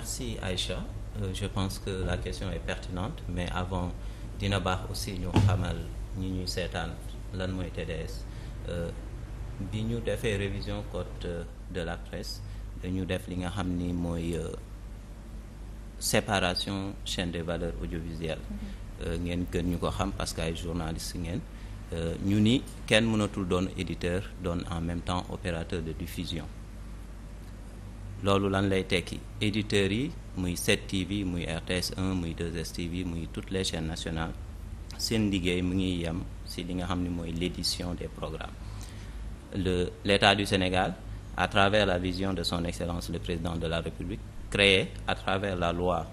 merci Aïcha euh, je pense que la question est pertinente mais avant dina baax aussi ñu xamal ñi ñuy seetaan lan mooy TDS euh, bi ñu defee révision code de la presse dañu def li nga xam ni mooy euh, séparation chaîne de valeur audiovisuelle mm-hmm. euh, ngeen gën ñu ko xam parce que ay journalistes ngeen ñu ni kenn mënatul doon éditeur doon en même temps opérateur de diffusion loolu lan lay tekki éditeurs yi muy 7TV muy RTS 1 muy 2STV muy toutes les chaînes nationale seen liggéey mu ngi yem si li nga xam ni mooy l'édition des programmes le l'État du Sénégal à travers la vision de son excellence le président de la République créé à travers la loi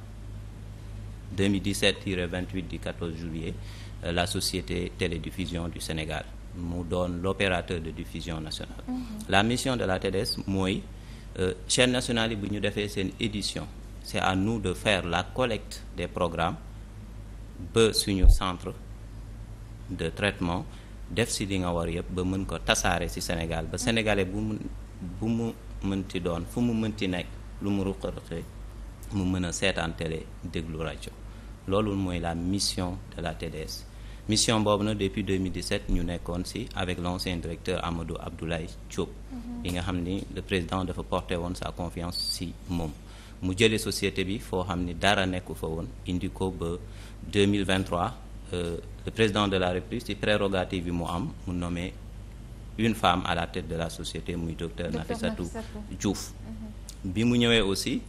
2017-28 du 14 juillet euh, la société télédiffusion du Sénégal mu doon l'opérateur de diffusion nationale. mm La mission de la TDS mooy Euh, chaîne nationale yi bu ñu defee seen édition c'est à nous de faire la collecte des programmes ba suñu centre de traitement def si li nga war yëpp ba mën ko tasaare si Sénégal ba sénégalais bu mu bu mu mënti doon fu mu mënti nekk lu mu ruqaraqee mu mën a seetaan télé déglu rajo loolu mooy la mission de la TDS mission boobu nag depuis 2017 ñu nekkoon si avec l'ancien directeur Amadou Abdoulaye Diop. bi mhm. nga xam ni le président dafa porté woon sa confiance si moom. mu jëlee société bi foo xam ni dara nekku fa woon indi ko ba 2023 euh, le président de la République ci prérogative bi mu am mu nommé une femme à la tête de la société muy docteur Nafissatou Diouf. Mhm. bi mu ñëwee aussi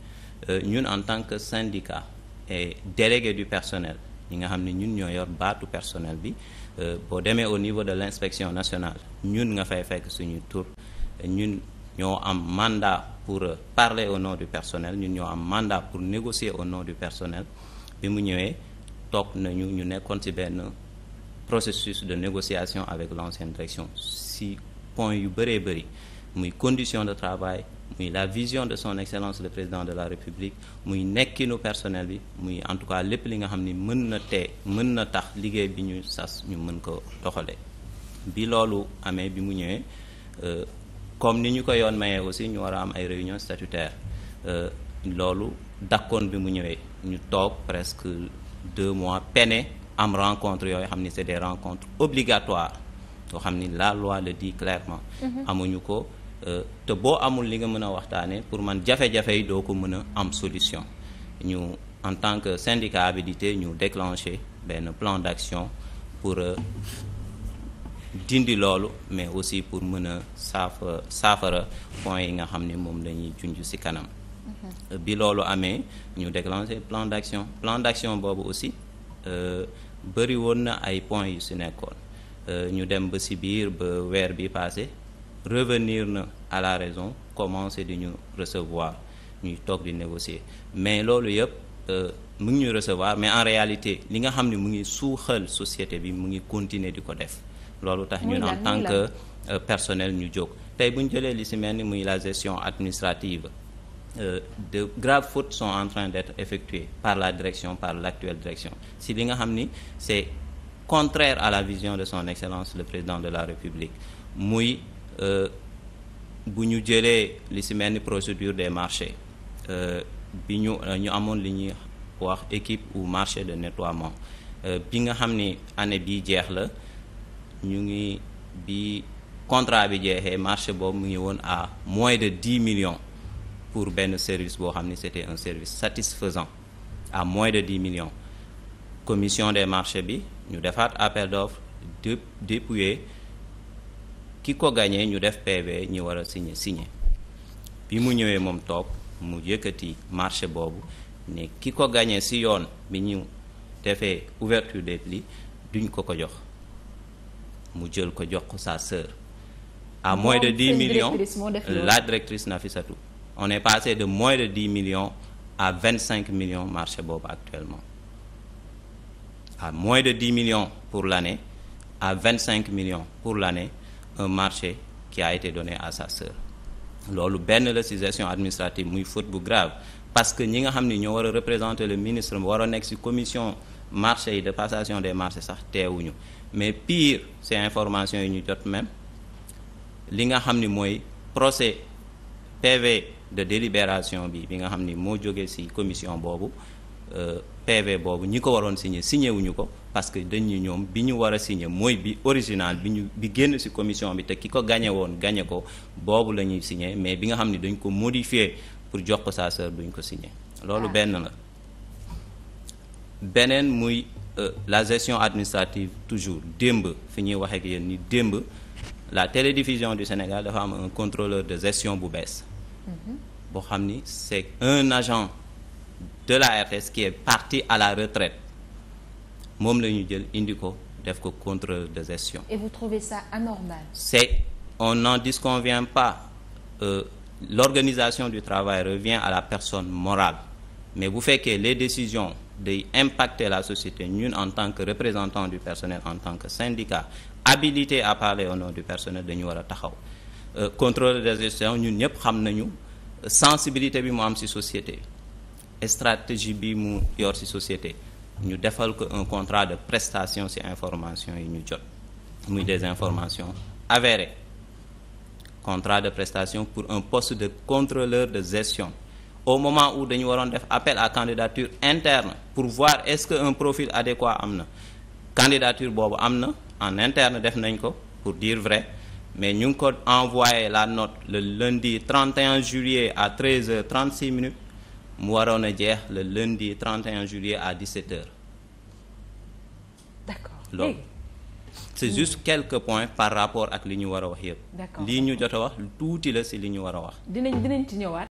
euh, ñun en tant que syndicat et délégué du personnel. ñi nga xam ne ñun ñoo yor baatu personnel bi euh, boo demee au niveau de l' inspection nationale ñun nga fay fekk suñu tur ñun ñoo am mandat pour parler au nom du personnel ñun ñoo am mandat pour négocier au nom du personnel bi mu ñëwee toog nañu ñu nekkoon ci benn processus de négociation avec l' ancienne direction si point yu bëree bëri muy condition de travail muy la vision de son excellence le président de la république muy nekkinu personnel bi muy en tout cas lépp li nga xam ni mën na tee mën na tax liggéey bi ñu sas ñu mën ko doxale bi loolu amee bi mu ñëwee euh, comme ni ñu ko yoon mayee aussi ñu war a am ay réunion statutaire euh, loolu dakkoon bi mu ñëwee ñu toog presque deux mois peine am rencontre yooyu xam ni c'est des rencontres obligatoires yoo xam ni la loi le dit clairement mm-hmm. amuñu ko Euh, te boo amul li nga mën a waxtaanee pour man jafe-jafe yi doo ko mën a am solution ñu en tant que syndicat habilité ñu déclenché benn plan d'action pour euh, dindi loolu mais aussi pour mën a saafa saafara points yi nga xam ni moom la ñuy junj ci kanam. Mm-hmm. Euh, bi loolu amee ñu déclenché plan d'action plan d'action boobu aussi bëri woon na ay point yu ci nekkoon ñu dem ba si biir ba weer bi passé revenir na à la raison commencé di ñu recevoir ñuy toog di négocier mais loolu yëpp euh, mu ngi ñuy recevoir mais en réalité li nga xam ne mu ngi suuxal société bi mu ngi continuer di ko def loolu tax ñun en tant que euh, personnel ñu jóg tey bu ñu jëlee li si mel ni muy la gestion administrative euh, de graves fautes sont en train d'être effectuées par la direction par l'actuelle direction si li nga xam ni c'est contraire à la vision de son excellence le président de la République Euh, bu ñu jëlee li si mel ni procédure des marchés euh, bi ñu euh, ñu amoon li ñuy wax équipe ou marché de nettoiement bi nga xam ni année bii jeex la ñu ngi bi contrat bi jeexee marché boobu mu ngi woon à moins de dix millions pour benn service boo xam ni c'était un service satisfaisant à moins de dix millions commission des marché bi ñu defaat appel d'offres de ki ko gagné ñu def PV ñi war a signé signé bi mu ñëwee moom toog mu yëkkati marché boobu ne ki ko gagné si yoon bi ñu defee ouverture des plis duñ ko ko jox mu jël ko jox ko sa sœur à moins de dix millions la directrice na Nafisatou on est passé de moins de dix millions à vingt cinq millions marché boobu actuellement a moins de dix millions pour l'année à vingt cinq millions pour l'année un marché qui a été donné à sa loolu benn la ci gestion administrative muy fóot bu grave parce que ñi nga xam ni ñoo war a représenter le ministre war a nekk ci commission marché yi de passation des marchés sax teewuñu mais pire ces informations yi ñu jot même li nga xam ni mooy procès PV de délibération bi bi nga xam ni moo jógee ci commission boobu euh, PV boobu ñi ko waroon signer signer wuñu ko parce que dañu ñoom bi ñu war a signé mooy bi original bi ñu bi génn ci commission bi te ki ko gañe woon gañe ko boobu la ñuy signé mais bi nga xam ne dañ ko modifié pour jox ko sa sœur duñ ko signé loolu ah. benn la beneen muy euh, la gestion administrative toujours démb fi ñuy waxee ak yéen ni démb la télédiffusion du Sénégal dafa am un contrôleur de gestion bu bees mhm. boo xam ni c'est un agent de la RTS qui est parti à la retraite moom la ñu jël indi ko def ko contrôle de gestion. et vous trouvez ça anormal. c'est on n'en disconvient pas euh, l'organisation du travail revient à la personne morale mais bu fekkee les décisions day impacter la société ñun en tant que représentant du personnel en tant que syndicat habilité à parler au nom du personnel dañu war a taxaw euh, contrôle de gestion ñun ñëpp xam nañu sensibilité bi mu am ci société stratégie bi mu yor ci société. ñu defal ko un contrat de prestation ci information yi ñu jot muy des informations avérées contrat de prestation pour un poste de contrôleur de gestion au moment où dañu waroon def appel à candidature interne pour voir est-ce que un profil adéquat am na candidature boobu am na en interne def nañ ko pour dire vrai mais ñu ngi ko envoyé la note le lundi 31 juillet à 13h36 minutes mu waroon a jeex le lundi 31 juillet à 17 heures. d'accord loolu c'est juste quelques points par rapport ak li ñu war a wax yëpp. lii ñu jot a wax tuuti la si li ñu war a wax. dinañ dinañ ci ñëwaat.